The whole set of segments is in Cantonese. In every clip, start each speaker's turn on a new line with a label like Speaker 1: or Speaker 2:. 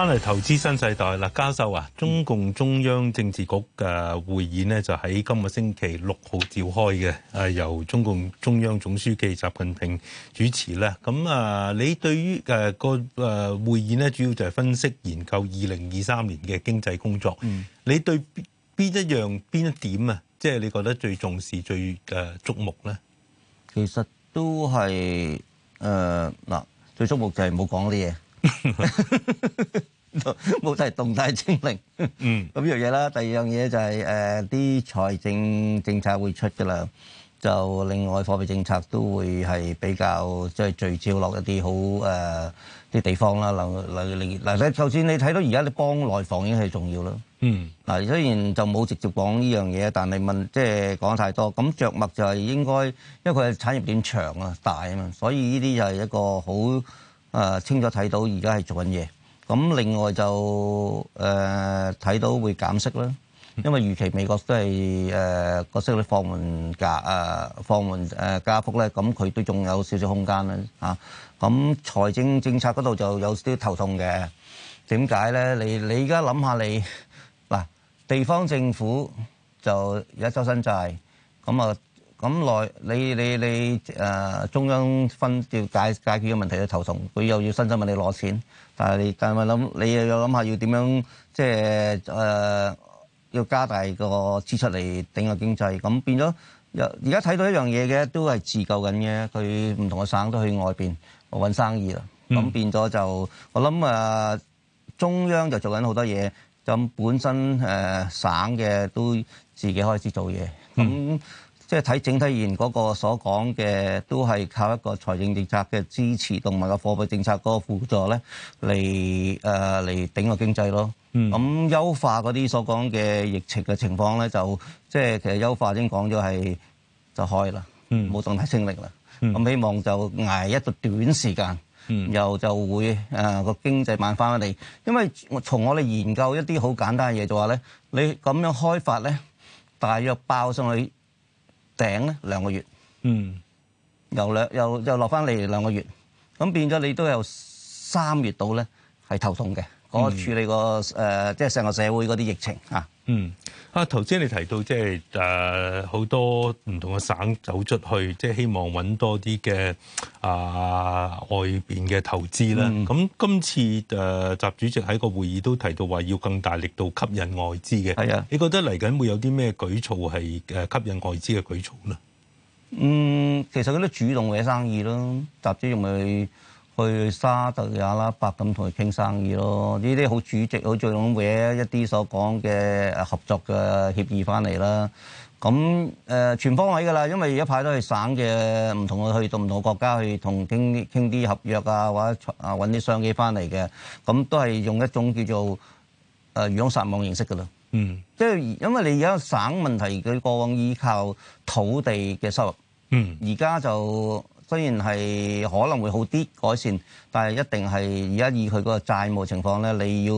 Speaker 1: 翻嚟投資新世代啦，嘉秀啊！中共中央政治局嘅會議咧就喺今個星期六號召開嘅，誒由中共中央總書記習近平主持啦。咁啊，你對於誒個誒會議咧，主要就係分析研究二零二三年嘅經濟工作。嗯，你對邊邊一樣邊一點啊？即係你覺得最重視、最誒矚目咧？其實都
Speaker 2: 係誒嗱，最矚目就係冇講啲嘢。冇 睇動態清零，咁樣嘢啦。第二樣嘢就係誒啲財政政策會出嘅啦。就另外貨幣政策都會係比較即係、就是、聚焦落一啲好誒啲、呃、地方啦。嗱嗱，嗱你就算你睇到而家你幫內房已經係重要啦。嗯，嗱雖然就冇直接講呢樣嘢，但係問即係講太多。咁着墨就係應該，因為佢係產業鏈長啊、大啊嘛，所以呢啲就係一個好。誒清楚睇到，而家係做緊嘢。咁另外就誒睇到會減息啦，因為預期美國都係誒個息率放緩㗎誒放緩誒加幅咧，咁佢都仲有少少空間啦嚇。咁財政政策嗰度就有少少頭痛嘅。點解咧？你你而家諗下你嗱地方政府就而家周身債，咁啊～咁來，你你你誒、呃、中央分要解解決嘅問題嘅頭痛，佢又要伸手問你攞錢，但係你但係我諗，你又想想要諗下要點樣，即係誒、呃、要加大個支出嚟頂個經濟。咁變咗，又而家睇到一樣嘢嘅，都係自救緊嘅。佢唔同嘅省都去外邊搵生意啦。咁、嗯、變咗就，我諗誒、呃、中央就做緊好多嘢，咁本身誒、呃、省嘅都自己開始做嘢，咁。嗯即係睇整體而言，嗰個所講嘅都係靠一個財政政策嘅支持，同埋個貨幣政策嗰個輔助咧嚟誒嚟頂個經濟咯。咁、嗯、優化嗰啲所講嘅疫情嘅情況咧，就即係、就是、其實優化已經講咗係就開啦，冇動態清零啦。咁、嗯、希望就捱一個短時間，嗯、又就會誒個、呃、經濟慢翻返嚟。因為從我哋研究一啲好簡單嘅嘢就話咧，你咁樣開發咧，大約爆上去。頂咧兩個月，嗯，又又又落翻嚟兩個月，咁變咗你都有三月到咧係頭痛嘅，我、嗯、處理個誒、即係成個社會嗰啲疫情吓
Speaker 1: 嗯啊，頭先你提到即係誒好多唔同嘅省走出去，即係希望揾多啲嘅啊外邊嘅投資啦。咁今次誒習主席喺個會議都提到話要更大力度吸引外資嘅。係啊，你覺得嚟緊會有啲咩舉措係誒吸引外資嘅舉措咧？
Speaker 2: 嗯，其實嗰啲主動嘅生意咯，習主席咪。去沙特阿拉伯咁同佢傾生意咯。呢啲好主席好，再攞嘅一啲所講嘅合作嘅協議翻嚟啦。咁誒、呃、全方位噶啦，因為而家派都係省嘅，唔同我去到唔同國家去同傾傾啲合約啊，或者啊揾啲商機翻嚟嘅。咁都係用一種叫做誒漁翁、呃、撒網形式噶啦。嗯，即係因為你而家省問題，佢過往依靠土地嘅收入。嗯，而家就～雖然係可能會好啲改善，但係一定係而家以佢個個債務情況咧，你要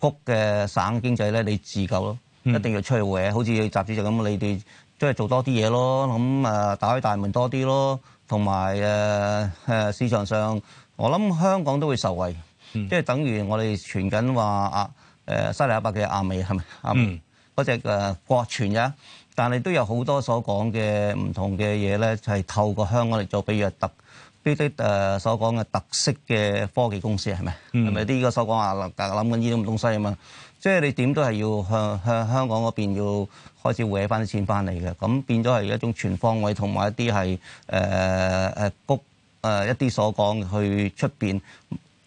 Speaker 2: 谷嘅省經濟咧，你自救咯、嗯，一定要出去搲。好似雜誌就咁，你哋都係做多啲嘢咯，咁啊打開大門多啲咯，同埋、啊啊、市場上，我諗香港都會受惠，即、嗯、係、就是、等於我哋傳緊話啊誒犀、啊、利一伯嘅亞美係咪？嗯，嗰隻誒國、啊、傳人。但係都有好多所講嘅唔同嘅嘢咧，就係、是、透過香港嚟做，比如特呢啲誒所講嘅特色嘅科技公司係咪？係咪啲依個所講啊？諗緊呢啲咁東西啊嘛，即係你點都係要向向香港嗰邊要開始搲翻啲錢翻嚟嘅，咁變咗係一種全方位同埋一啲係誒谷
Speaker 1: 誒一啲所講去出邊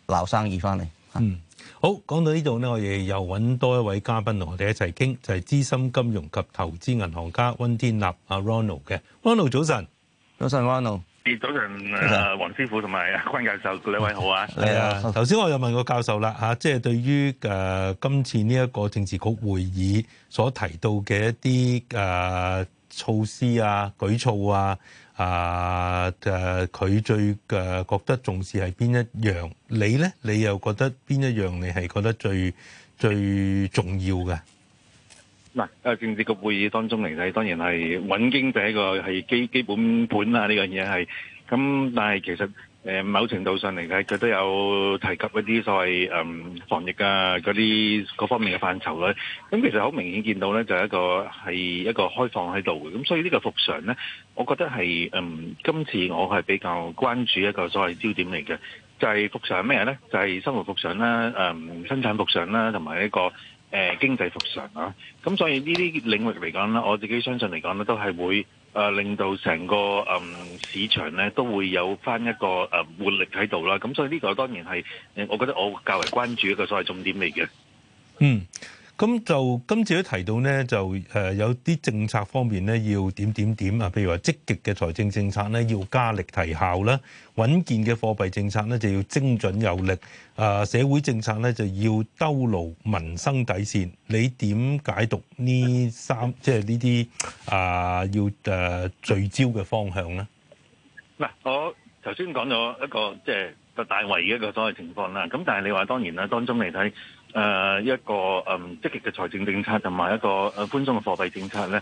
Speaker 1: 撈生意翻嚟。嗯。好，講到呢度咧，我哋又搵多一位嘉賓同我哋一齊傾，就係、是、資深金融及投資銀行家溫天納阿 Ronald 嘅。Ronald 早晨，早晨，Ronald。早晨，黃師傅同埋
Speaker 3: 坤教授兩位好 啊。係啊，頭先我
Speaker 1: 又問過教授啦吓，即係對於誒今次呢一個政治局會議所提到嘅一啲誒措施啊舉措啊。啊！誒、啊，佢最誒、啊、覺得重視係邊一樣？你咧，你又覺得邊一樣？你係覺得最最重要嘅？
Speaker 3: 嗱，誒，政治局會議當中嚟睇，當然係穩經濟一個係基基本盤啊。呢樣嘢係咁。但係其實。誒某程度上嚟講，佢都有提及一啲所謂誒、嗯、防疫啊嗰啲各方面嘅範疇啦。咁其實好明顯見到咧，就係、一個係一個開放喺度嘅。咁所以呢個復常咧，我覺得係誒、嗯、今次我係比較關注一個所謂焦點嚟嘅，就係、係、復常咩咧？就係、係、生活復常啦、嗯，生產復常啦，同埋一個誒、呃、經濟復常啊。咁所以呢啲領域嚟講咧，我自己相信嚟講咧，都係會。誒令到成個嗯，市場咧都會有翻一個誒活力喺度啦，咁所以呢個當然係誒，我覺得我較為關注一個所謂重點嚟嘅。嗯。
Speaker 1: 咁就今次都提到呢，就誒有啲政策方面呢，要點點點啊，譬如話積極嘅財政政策呢，要加力提效啦；穩健嘅貨幣政策呢，就要精準有力；啊社會政策呢，就要兜牢民生底線。你點解讀呢三，即係呢啲啊要誒聚焦嘅方向呢？嗱，
Speaker 3: 我頭先講咗一個即係大圍嘅一個所謂情況啦。咁但係你話當然啦，當中嚟睇。誒、呃、一個誒、嗯、積極嘅財政政策同埋一個誒寬鬆嘅貨幣政策咧，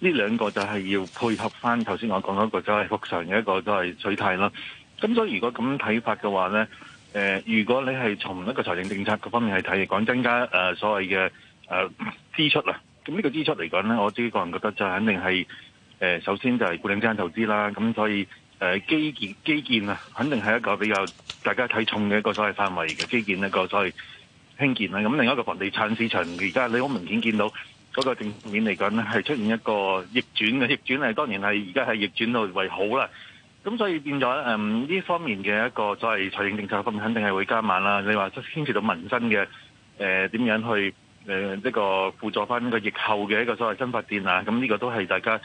Speaker 3: 呢兩個就係要配合翻，頭先我講嗰個所謂復常嘅一個所謂取態囉。咁所以如果咁睇法嘅話咧，誒、呃、如果你係從一個財政政策嗰方面去睇，講增加誒、呃、所謂嘅誒支出啦，咁呢個支出嚟講咧，我自己個人覺得就肯定係、呃、首先就係固定資產投資啦。咁所以誒、呃、基建基建啊，肯定係一個比較大家睇重嘅一個所謂範圍嘅基建一個所謂。興建啦，咁另一個房地產市場而家你好明顯見到嗰、那個正面嚟講咧，係出現一個逆轉嘅逆轉，係當然係而家係逆轉到為好啦。咁所以變咗誒呢方面嘅一個所謂財政政策方面，肯定係會加碼啦。你話牽涉到民生嘅誒點樣去誒呢、呃、個輔助翻個疫後嘅一個所謂新發展啊？咁呢個都係大家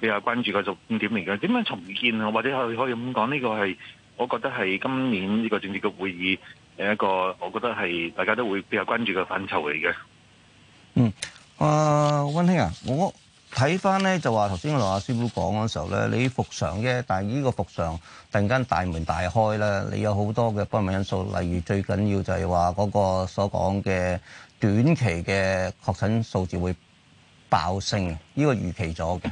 Speaker 3: 比較關注嘅重點嚟嘅。點樣重建或者可以可以咁講？呢、這個係我覺得係今年呢個政治局會議。
Speaker 2: 一個我覺得係大家都會比較關注嘅範疇嚟嘅。嗯，啊温兄啊，我睇返咧就話頭先我同阿師傅講嘅時候咧，你復常啫，但係呢個復常突然間大門大開咧，你有好多嘅不明因素，例如最緊要就係話嗰個所講嘅短期嘅確診數字會爆升，呢個預期咗嘅。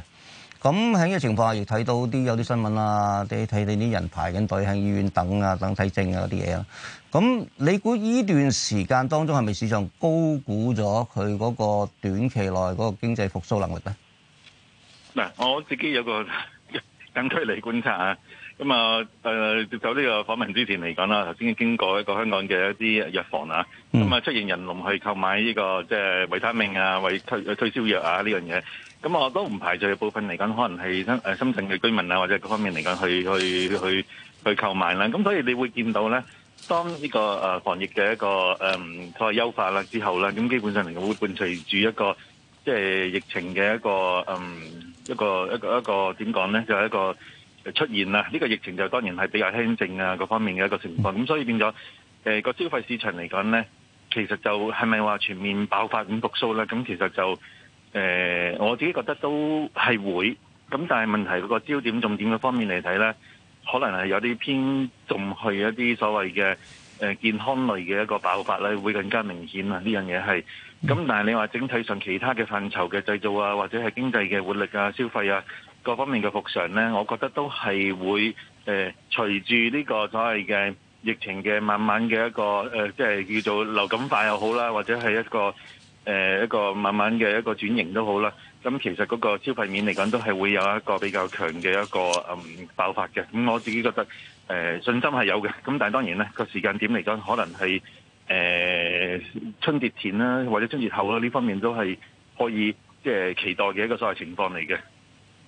Speaker 2: 咁喺呢個情況下，亦睇到啲有啲新聞啊，啲睇你啲人排緊隊喺醫院等啊，等睇症啊嗰啲嘢啦。咁你估呢段時間當中係咪市場高估咗佢嗰個短期內嗰個經濟復甦能力咧？
Speaker 3: 嗱、嗯，我自己有個近距離觀察啊。咁啊，誒、呃、接受呢個訪問之前嚟講啦、啊，頭先經過一個香港嘅一啲藥房啊，咁啊出現人龍去購買呢、這個即係、就是、維他命啊、維退退燒藥啊呢樣嘢。咁我都唔排除部分嚟講，可能係深深圳嘅居民啊，或者各方面嚟講去去去去購買啦。咁所以你會見到咧，當呢個防疫嘅一個誒，再、嗯、優化啦之後啦，咁基本上嚟講會伴隨住一個即係、就是、疫情嘅一個嗯一個一個一個點講咧，就係一個出現啦。呢、這個疫情就當然係比較輕症啊，各方面嘅一個情況。咁所以變咗、呃那個消費市場嚟講咧，其實就係咪話全面爆發咁復甦咧？咁其實就。誒、呃、我自己覺得都係會咁，但係問題嗰、這個焦點重點嘅方面嚟睇呢，可能係有啲偏重去一啲所謂嘅、呃、健康類嘅一個爆發呢，會更加明顯啊！呢樣嘢係咁，但係你話整體上其他嘅範疇嘅製造啊，或者係經濟嘅活力啊、消費啊各方面嘅復常呢，我覺得都係會誒隨住呢個所謂嘅疫情嘅慢慢嘅一個即係、呃就是、叫做流感化又好啦，或者係一個。誒一個慢慢嘅一個轉型都好啦，咁其實嗰個消費面嚟講都係會有一個比較強嘅一個、嗯、爆發嘅，咁我自己覺得誒、呃、信心係有嘅，咁但係當然呢個時間點嚟講，可能係誒、呃、春節前啦，或者春節後啦，呢方面都係可以即係期待嘅一個所謂情況嚟嘅。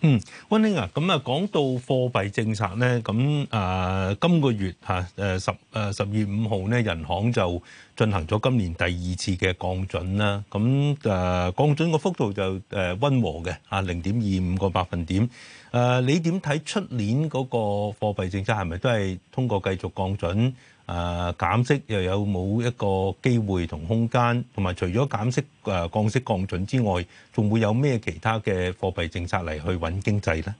Speaker 1: 嗯，溫兄啊，咁，啊講到貨幣政策咧，咁、呃、啊今個月嚇十誒十月五號咧，人行就進行咗今年第二次嘅降準啦。咁、啊、誒降準個幅度就誒溫和嘅，啊零點二五個百分點。誒你點睇出年嗰個貨幣政策係咪都係通過繼續降準？啊，減息又有冇一個機會同空間？同埋，除咗減息，呃，降息降準之外，仲會有咩其他嘅貨幣政策嚟去穩經濟呢？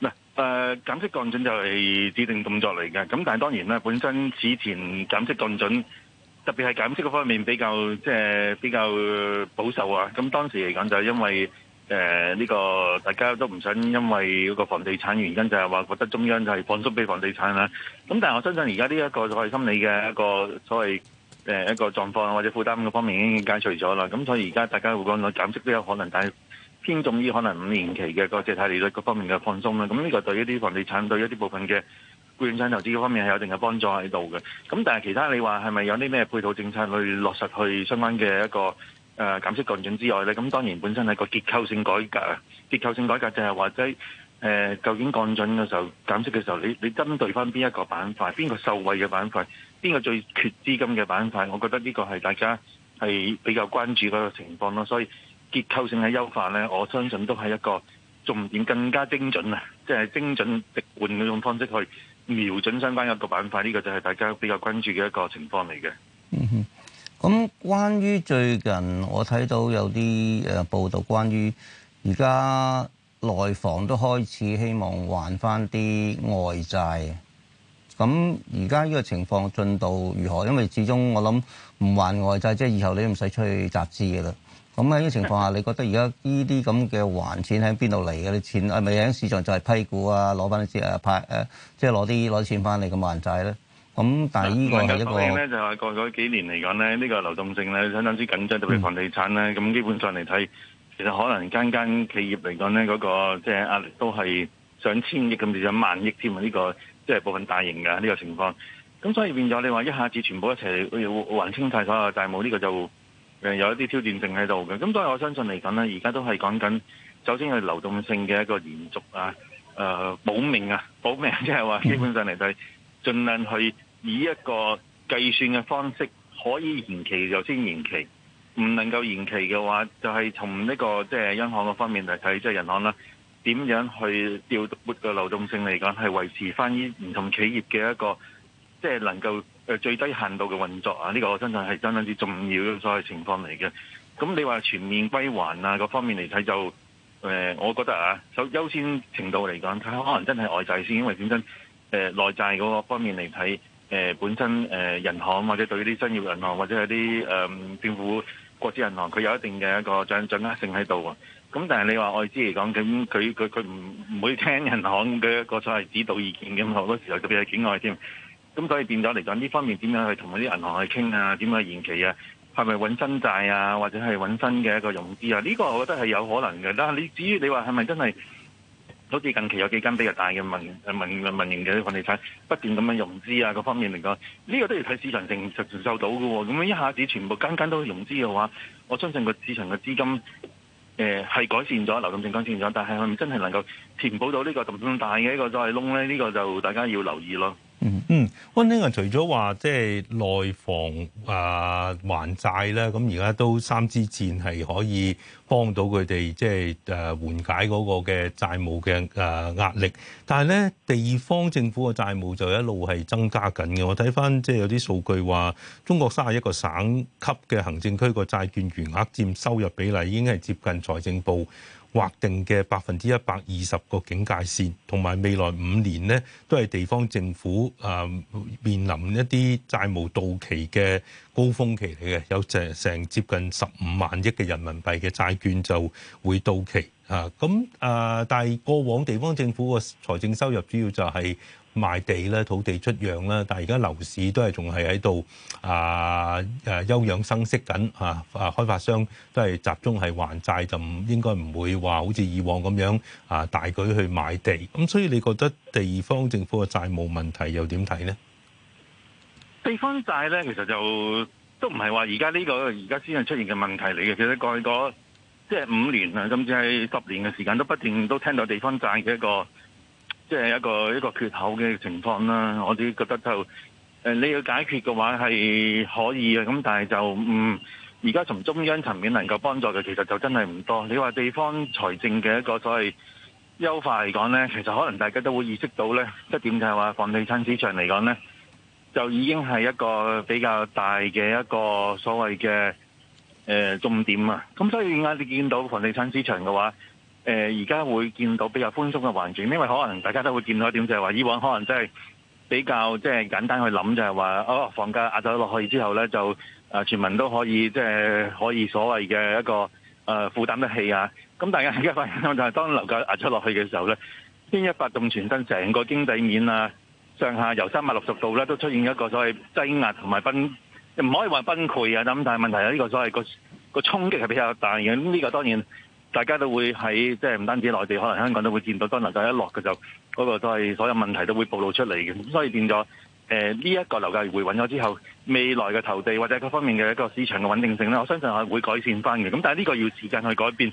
Speaker 3: 嗱誒，減息降準就係指定動作嚟嘅。咁但係當然啦，本身此前減息降準，特別係減息嗰方面比較即係比較保守啊。咁當時嚟講就係因為誒、呃、呢、這個大家都唔想，因為嗰個房地產原因就係話覺得中央就係放鬆俾房地產啦。咁但係我相信而家呢一個所謂心理嘅一個所謂誒一個狀況或者負擔嘅方面已經解除咗啦。咁所以而家大家會講到減息都有可能，但係偏重於可能五年期嘅個借貸利率各方面嘅放鬆啦。咁呢個對於啲房地產對於一啲部分嘅固營產投資嘅方面係有一定嘅幫助喺度嘅。咁但係其他你話係咪有啲咩配套政策去落實去相關嘅一個？誒、啊、減息降準之外咧，咁當然本身係個結構性改革，結構性改革就係話即係誒究竟降準嘅時候、減息嘅時候，你你針對翻邊一個板塊、邊個受惠嘅板塊、邊個最缺資金嘅板塊，我覺得呢個係大家係比較關注嗰個情況咯。所以結構性嘅優化咧，我相信都係一個重點更加精準啊，即係精準直換嗰種方式去瞄準相關嘅一個板塊，呢個就係大家比較關注嘅一個情況嚟嘅。嗯
Speaker 2: 咁關於最近我睇到有啲誒報道，關於而家內房都開始希望還翻啲外債。咁而家呢個情況進度如何？因為始終我諗唔還外債，即係以後你都唔使出去集資嘅啦。咁喺呢個情況下，你覺得而家呢啲咁嘅還錢喺邊度嚟嘅啲錢？係咪喺市場就係批股啊，攞翻啲誒派誒即係攞啲攞啲錢翻嚟咁還債咧？咁，但係呢
Speaker 3: 個咧就話，過去嗰幾年嚟講咧，呢個流動性咧相當之緊張，特別房地產咧，咁基本上嚟睇，其實可能間間企業嚟講咧，嗰個即係壓力都係上千億咁至，甚至上萬億添啊！呢個即係部分大型嘅呢個情況。咁所以變咗，你話一下子全部一齊要還清晒所有債務，呢個就誒有一啲挑戰性喺度嘅。咁所以我相信嚟講咧，而家都係講緊，首先係流動性嘅一個延續啊，誒、呃、保命啊，保命、啊，即係話基本上嚟睇，盡量去，以一個計算嘅方式，可以延期就先延期，唔能夠延期嘅話，就係從呢個即係央行嗰方面嚟睇，即係銀行啦、啊，點樣去調撥個流動性嚟講，係維持翻依唔同企業嘅一個即係能夠誒最低限度嘅運作啊！呢、這個真正係相當之重要嘅所謂情況嚟嘅。咁你話全面歸還啊，各方面嚟睇就誒，我覺得啊，首優先程度嚟講，睇下可能真係外債先，因為本身誒內債嗰個方面嚟睇。誒、呃、本身誒銀、呃、行或者對啲商業銀行或者係啲誒政府國資銀行，佢有一定嘅一個掌握性喺度喎。咁但係你話外資嚟講，咁佢佢佢唔唔會聽銀行嘅一個所謂指導意見嘅，好多時候特別係境外添。咁所以變咗嚟講，呢方面點樣去同嗰啲銀行去傾啊？點樣延期啊？係咪揾新債啊？或者係揾新嘅一個融資啊？呢、這個我覺得係有可能嘅。但係你至於你話係咪真係？好似近期有幾間比較大嘅民民民、民營嘅房地產不斷咁樣融資啊，各方面嚟講，呢個都要睇市場承唔承受到㗎喎。咁樣一下子全部間間都融資嘅話，我相信個市場嘅資金誒係改善咗、流動性改善咗，但係係咪真係能夠填補到呢個咁大嘅一個再窿咧，呢個就大家要留意咯。
Speaker 1: 嗯嗯，溫馨啊，除咗話即係內房啊還債咧，咁而家都三支箭係可以幫到佢哋即係誒、啊、緩解嗰個嘅債務嘅誒、啊、壓力，但係咧地方政府嘅債務就一路係增加緊嘅。我睇返即係有啲數據話，中國三十一個省級嘅行政區個債券餘額佔收入比例已經係接近財政部。劃定嘅百分之一百二十個警戒線，同埋未來五年呢都係地方政府啊面臨一啲債務到期嘅高峰期嚟嘅，有成成接近十五萬億嘅人民幣嘅債券就會到期啊！咁啊，但係過往地方政府個財政收入主要就係、是。賣地啦，土地出讓啦，但係而家樓市都係仲係喺度啊誒休養生息緊啊！開發商都係集中係還債，就唔應該唔會話好似以往咁樣啊大舉去買地。咁所以你覺得地方政府嘅債務問題又點睇咧？
Speaker 3: 地方債咧，其實就都唔係話而家呢個而家先係出現嘅問題嚟嘅。其實過去嗰即係五年啊，甚至係十年嘅時間，都不斷都聽到地方債嘅一個。即係一個一個缺口嘅情況啦，我自己覺得就、呃、你要解決嘅話係可以嘅，咁但係就唔而家從中央層面能夠幫助嘅其實就真係唔多。你話地方財政嘅一個所謂優化嚟講呢，其實可能大家都會意識到呢一點就係話，房地產市場嚟講呢，就已經係一個比較大嘅一個所謂嘅誒重點啊。咁所以點解你見到房地產市場嘅話，誒而家會見到比較寬鬆嘅環境，因為可能大家都會見到一點，就係、是、話以往可能真係比較即係、就是、簡單去諗，就係話哦房價壓咗落去之後咧，就啊、呃、全民都可以即係、就是、可以所謂嘅一個誒、呃、負擔得起啊。咁大家而家發現就係當樓價壓出落去嘅時候咧，牽一髮動全身成個經濟面啊，上下由三百六十度咧都出現一個所謂擠壓同埋崩，唔可以話崩潰啊。咁但係問題係呢個所謂個、那個衝擊係比較大嘅，咁呢個當然。大家都會喺即係唔單止內地，可能香港都會見到，當樓價一落嘅時候，嗰個都係所有問題都會暴露出嚟嘅。咁所以變咗，誒呢一個樓價回穩咗之後，未來嘅投地或者各方面嘅一個市場嘅穩定性呢，我相信係會改善翻嘅。咁但係呢個要時間去改變，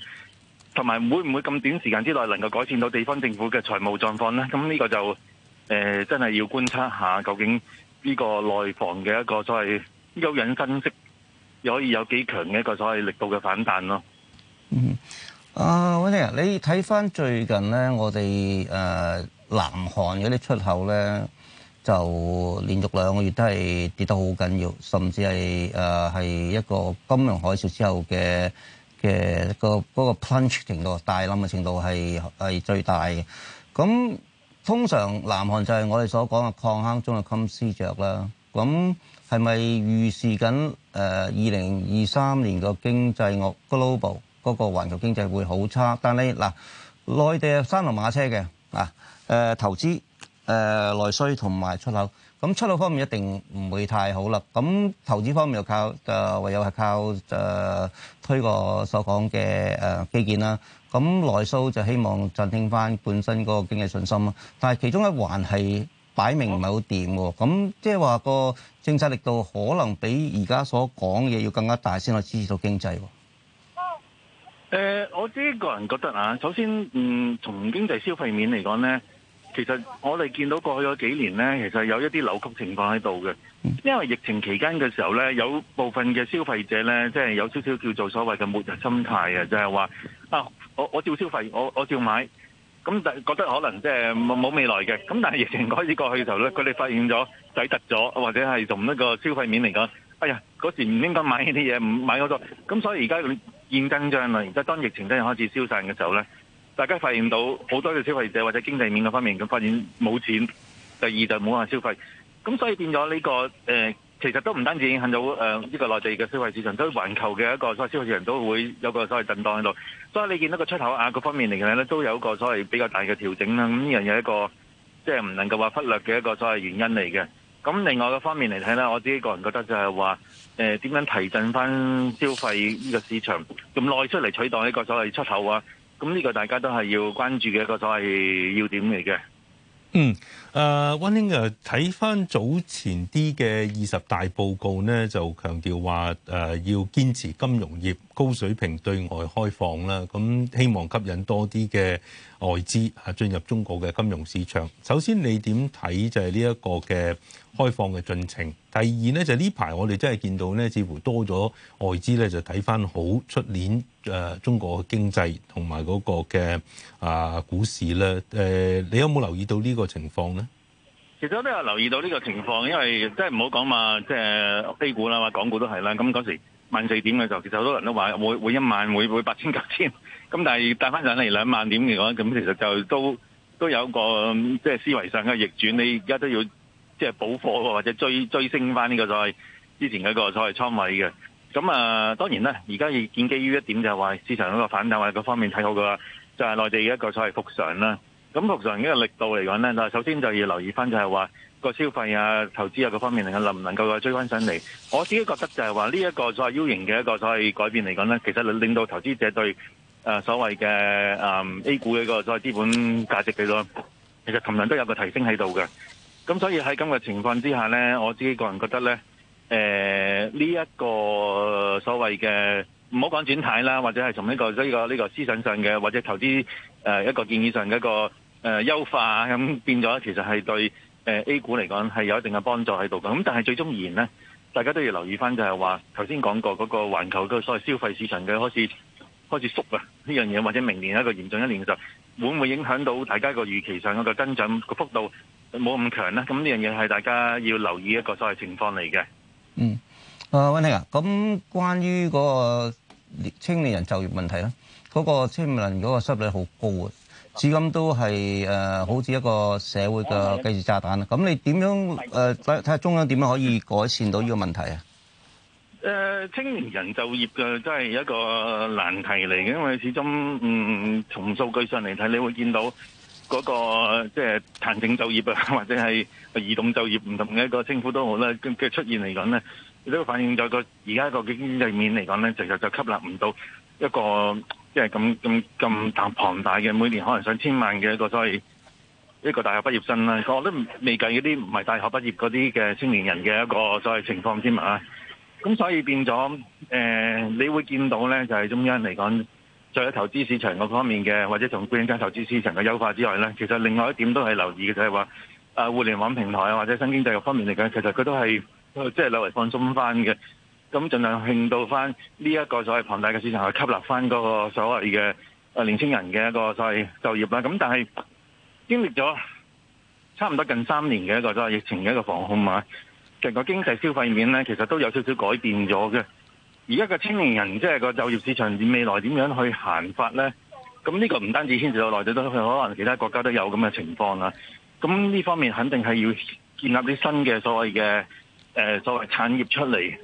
Speaker 3: 同埋會唔會咁短時間之內能夠改善到地方政府嘅財務狀況呢？咁、嗯、呢、這個就誒、呃、真係要觀察一下，究竟呢個內房嘅一個所謂休養生息，可、這、以、個、有幾強嘅一個所謂力度嘅反彈咯。嗯。
Speaker 2: 啊，Vinny，你睇翻最近咧，我哋誒、呃、南韓嗰啲出口咧就連續兩個月都係跌得好緊要，甚至係誒係一個金融海嘯之後嘅嘅、嗰個嗰、嗰個 plunge 程度大冧嘅程度係係最大。咁通常南韓就係我哋所講嘅礦坑中嘅金絲雀啦。咁係咪預示緊誒二零二三年嘅經濟惡 global？嗰個環球經濟會好差，但係嗱，內地三輪馬車嘅啊，誒投資誒內需同埋出口，咁出口方面一定唔會太好啦。咁投資方面又靠誒，唯有係靠誒推個所講嘅誒基建啦。咁內需就希望振興翻本身嗰個經濟信心啦。但係其中一環係擺明唔係好掂喎。咁即係話個政策力度可能比而家所講嘢要更加大先可以支持到經濟喎。
Speaker 3: 誒、呃，我自己個人覺得啊，首先，嗯，從經濟消費面嚟講咧，其實我哋見到過去嗰幾年咧，其實有一啲扭曲情況喺度嘅，因為疫情期間嘅時候咧，有部分嘅消費者咧，即係有少少叫做所謂嘅末日心態啊，就係話啊，我我照消費，我我照買，咁覺得可能即係冇未來嘅，咁但係疫情開始過去嘅時候咧，佢哋發現咗抵突咗，或者係從一個消費面嚟講，哎呀，嗰時唔應該買呢啲嘢，唔買好多，咁所以而家見更張啦，而家當疫情真係開始消散嘅時候咧，大家發現到好多嘅消費者或者經濟面嘅方面咁發現冇錢，第二就冇話消費，咁所以變咗呢、這個誒、呃，其實都唔單止影響到誒呢個內地嘅消費市場，都以環球嘅一個所謂消費市場都會有個所謂震盪喺度，所以你見到個出口額嗰方面嚟講咧，都有個所謂比較大嘅調整啦，咁亦係一個即係唔能夠話忽略嘅一個所謂原因嚟嘅。咁另外個方面嚟睇咧，我自己個人覺得就係話，誒、呃、點樣提振翻消費呢個市場，咁內出嚟取代呢個所謂出口啊，咁呢個大家都係要關注嘅一個所謂要點嚟嘅。
Speaker 1: 嗯。誒溫英睇翻早前啲嘅二十大報告呢，就強調話要堅持金融業高水平對外開放啦。咁希望吸引多啲嘅外資啊進入中國嘅金融市場。首先你點睇就係呢一個嘅開放嘅進程？第二呢，就呢排我哋真係見到呢，似乎多咗外資呢，就睇翻好出年誒中國經濟同埋嗰個嘅啊股市啦。誒你有冇留意到呢個情況呢？
Speaker 3: 其實我都係留意到呢個情況，因為即係唔好講話，即係、就是、A 股啦、或港股都係啦。咁嗰時萬四點嘅時候，其實好多人都話每每一萬、會會八千、九千。咁但係帶翻上嚟兩萬點嘅話，咁其實就都都有個即係思維上嘅逆轉。你而家都要即係補貨或者追追升翻呢個所謂之前嗰個所謂倉位嘅。咁啊，當然啦，而家亦建基於一點就係話市場一個反彈，或者各方面睇好嘅話就係、是、內地嘅一個所謂復常啦。咁通常個力度嚟講咧，嗱，首先就要留意翻，就係話個消費啊、投資啊各方面嚟講，能唔能夠再追翻上嚟？我自己覺得就係話呢一個所謂 U 型嘅一個所謂改變嚟講咧，其實令到投資者對誒、呃、所謂嘅誒、嗯、A 股嘅一個所謂資本價值嚟講，其實同樣都有個提升喺度嘅。咁所以喺咁嘅情況之下咧，我自己個人覺得咧，誒呢一個所謂嘅唔好講轉態啦，或者係從呢、呢個呢個呢個思想上嘅，或者投資誒一個建議上嘅一個。誒、呃、優化咁變咗，其實係對誒 A 股嚟講係有一定嘅幫助喺度嘅。咁但係最終而言咧，大家都要留意翻就係話頭先講過嗰個環球嘅所謂消費市場嘅開始開始縮啊呢樣嘢，或者明年一個嚴重一年嘅時候會唔會影響到大家個預期上個個增長個幅度冇咁強咧？咁呢樣嘢係大家要留意一個所謂情況嚟嘅。
Speaker 2: 嗯，啊溫妮啊，咁關於嗰個青年人就業問題呢，嗰、那個青年人嗰個失率好高啊！至今都係誒、呃，好似一個社會嘅計時炸彈啦。咁你點樣誒睇睇下中央點樣可以改善到呢個問題啊、
Speaker 3: 呃？青年人就業嘅真係一個難題嚟嘅，因為始終嗯從數據上嚟睇，你會見到嗰、那個即係彈性就業啊，或者係移動就業唔同嘅一個稱呼都好啦。嘅出現嚟講咧，亦都反映咗個而家個經濟面嚟講咧，其實就，就吸納唔到一個。即係咁咁咁大龐大嘅，每年可能上千萬嘅一個所謂一個大學畢業生啦。我覺得未計嗰啲唔係大學畢業嗰啲嘅青年人嘅一個所謂情況先嘛。咁所以變咗誒、呃，你會見到咧，就係、是、中央嚟講，除咗投資市場嗰方面嘅，或者從個人間投資市場嘅優化之外咧，其實另外一點都係留意嘅，就係、是、話互聯網平台啊，或者新經濟嘅方面嚟講，其實佢都係即係略為放鬆翻嘅。咁盡量興到翻呢一個所謂龐大嘅市場去吸納翻嗰個所謂嘅年輕人嘅一個所謂就業啦。咁但係經歷咗差唔多近三年嘅一個所謂疫情嘅一個防控啊，成個經濟消費面咧，其實都有少少改變咗嘅。而家嘅青年人即係、就是、個就業市場未來點樣去行法咧？咁呢個唔單止牽涉到內地，都可能其他國家都有咁嘅情況啦。咁呢方面肯定係要建立啲新嘅所謂嘅、呃、所謂產業出嚟。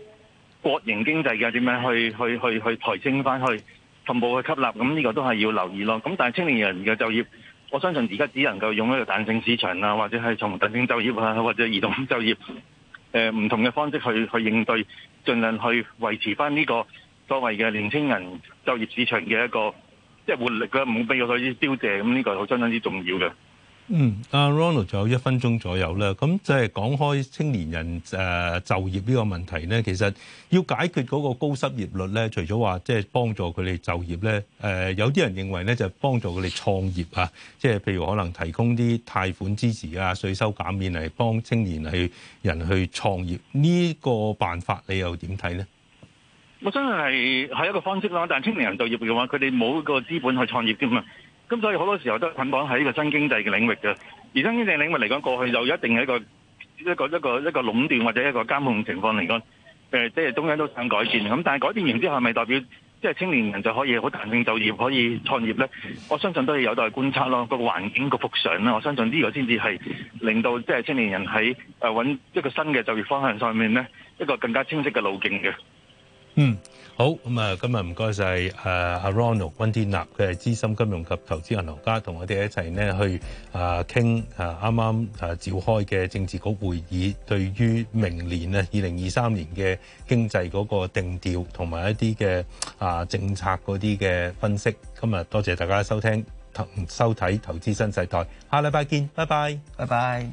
Speaker 3: 國營經濟嘅點樣去去去去抬升翻去，去同步去吸納，咁呢個都係要留意咯。咁但係青年人嘅就業，我相信而家只能夠用一個彈性市場啊，或者係從彈性就業啊，或者移動就業呃、唔同嘅方式去去應對，盡量去維持翻、這、呢個所謂嘅年輕人就業市場嘅一個即係、就是、活力嘅唔好俾佢啲凋謝，咁呢個係好相當之重要嘅。
Speaker 1: 嗯，阿 Ronald 仲有一分鐘左右啦。咁即係講開青年人誒就業呢個問題咧，其實要解決嗰個高失業率咧，除咗話即係幫助佢哋就業咧，誒有啲人認為咧就係幫助佢哋創業啊，即係譬如可能提供啲貸款支持啊、稅收減免嚟幫青年係人去創業。呢個辦法你又點睇咧？我真係
Speaker 3: 係一個方式啦，但係青年人就業嘅話，佢哋冇個資本去創業啫嘛。咁所以好多時候都捆綁喺呢個新經濟嘅領域嘅，而新經濟領域嚟講，過去就一定係一個一個一個一個壟斷或者一個監控情況嚟講，即、呃、係、即係、中央都想改善。咁但係改變完之後，係咪代表即係、即係、青年人就可以好彈性就業，可以創業咧？我相信都係有待觀察咯。個環境個復常咧，我相信呢個先至係令到即係青年人喺誒揾一個新嘅就業方向上面咧，一個更加清晰嘅路徑嘅。
Speaker 1: 嗯，好咁啊，今日唔該晒誒，阿 Ronald 溫天納，佢係資深金融及投資銀行家，同我哋一齊咧去誒傾誒啱啱召開嘅政治局會議，對於明年咧二零二三年嘅經濟嗰個定調，同埋一啲嘅啊政策嗰啲嘅分析。今日多謝大家收聽收睇《收睇投資新世代》，下禮拜見，拜拜，拜拜。